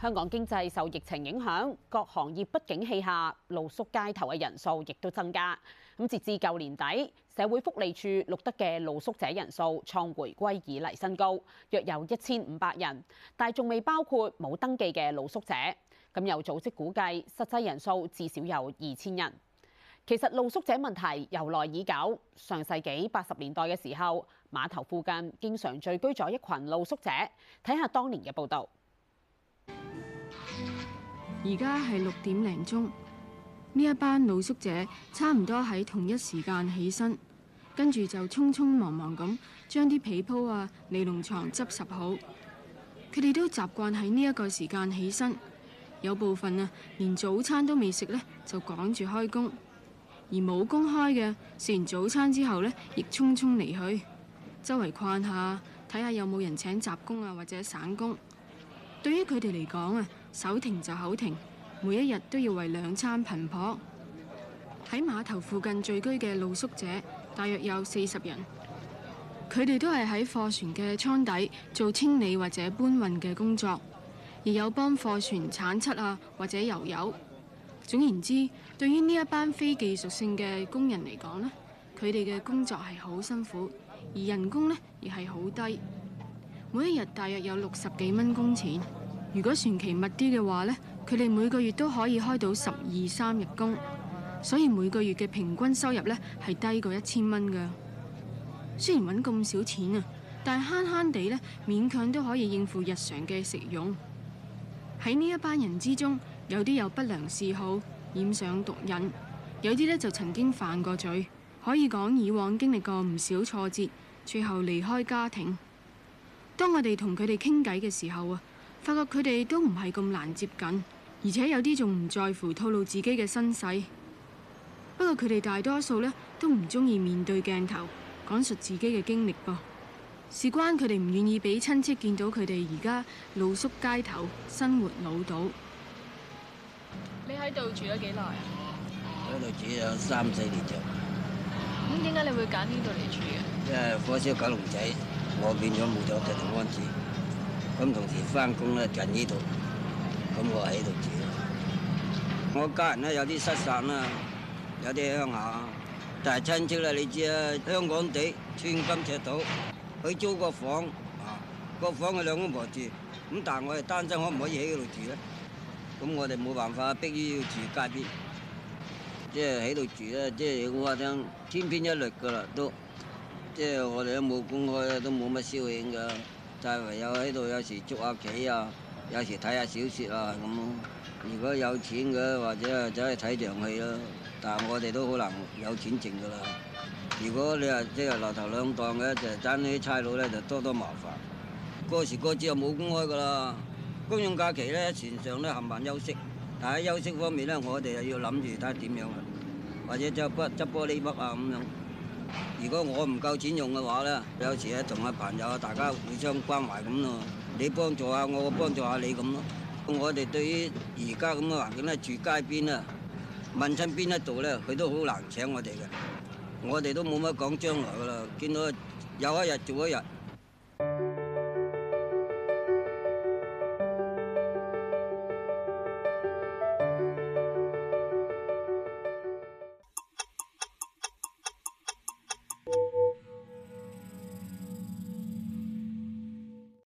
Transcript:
香港經濟受疫情影響，各行業不景氣下，露宿街頭嘅人數亦都增加。咁截至舊年底，社會福利處錄得嘅露宿者人數創回歸以嚟新高，約有一千五百人，但係仲未包括冇登記嘅露宿者。咁有組織估計，實際人數至少有二千人。其實露宿者問題由來已久，上世紀八十年代嘅時候，碼頭附近經常聚居咗一群露宿者。睇下當年嘅報道。而家係六點零鐘，呢一班露宿者差唔多喺同一時間起身，跟住就匆匆忙忙咁將啲被鋪啊、尼龍床執拾好。佢哋都習慣喺呢一個時間起身，有部分啊連早餐都未食呢，就趕住開工。而冇工開嘅，食完早餐之後呢，亦匆匆離去，周圍逛下，睇下有冇人請雜工啊或者散工。對於佢哋嚟講啊。手停就口停，每一日都要為兩餐奔波。喺碼頭附近聚居嘅露宿者，大約有四十人。佢哋都係喺貨船嘅艙底做清理或者搬運嘅工作，而有幫貨船鏟漆啊，或者油油。總言之，對於呢一班非技術性嘅工人嚟講呢，佢哋嘅工作係好辛苦，而人工呢亦係好低。每一日大約有六十幾蚊工錢。如果船期密啲嘅話呢，佢哋每個月都可以開到十二三日工，所以每個月嘅平均收入呢係低過一千蚊㗎。雖然揾咁少錢啊，但係慳慳地咧，勉強都可以應付日常嘅食用。喺呢一班人之中，有啲有不良嗜好，染上毒癮；有啲呢就曾經犯過罪，可以講以往經歷過唔少挫折，最後離開家庭。當我哋同佢哋傾偈嘅時候啊～發覺佢哋都唔係咁難接近，而且有啲仲唔在乎透露自己嘅身世。不過佢哋大多數呢都唔中意面對鏡頭，講述自己嘅經歷噃。事關佢哋唔願意俾親戚見到佢哋而家露宿街頭、生活潦倒。你喺度住咗幾耐呀？喺度住咗三四年咋。咁點解你會揀呢度嚟住嘅？因為火燒九龍仔，我變咗冇咗特安置。咁同時返工咧近呢度，咁我喺度住。我家人咧有啲失散啦，有啲鄉下，但係親戚啦。你知啊，香港地寸金尺土，佢租個房，個房佢兩公婆住，咁但係我係單身，可唔可以喺嗰度住咧？咁我哋冇辦法，迫於要住街邊，即係喺度住啦。即係我話聲，千篇一律噶啦，都即係我哋都冇公開啦，都冇乜消遣噶。就唯有喺度，有時捉下棋啊，有時睇下小説啊咁。如果有錢嘅，或者啊走去睇場戲咯。但係我哋都好難有錢剩噶啦。如果你話即係落頭兩檔嘅，就爭啲差佬咧就多多麻煩。過時過節又冇工開噶啦。公眾假期咧，船上咧冚唪唥休息。但係休息方面咧，我哋又要諗住睇點樣啊，或者執筆玻璃筆啊，咁樣。如果我唔夠錢用嘅話咧，有時咧同阿朋友啊大家互相關懷咁咯，你幫助下我，我幫助下你咁咯。我哋對於而家咁嘅環境咧，住街邊啊，問親邊一度咧，佢都好難請我哋嘅。我哋都冇乜講將來噶啦，見到有一日做一日。